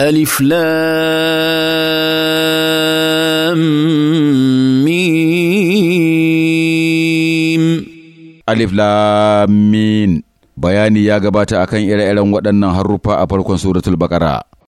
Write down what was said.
Alif لام ميم ألف bayani ya gabata akan ire-iren waɗannan haruffa a farkon suratul baqara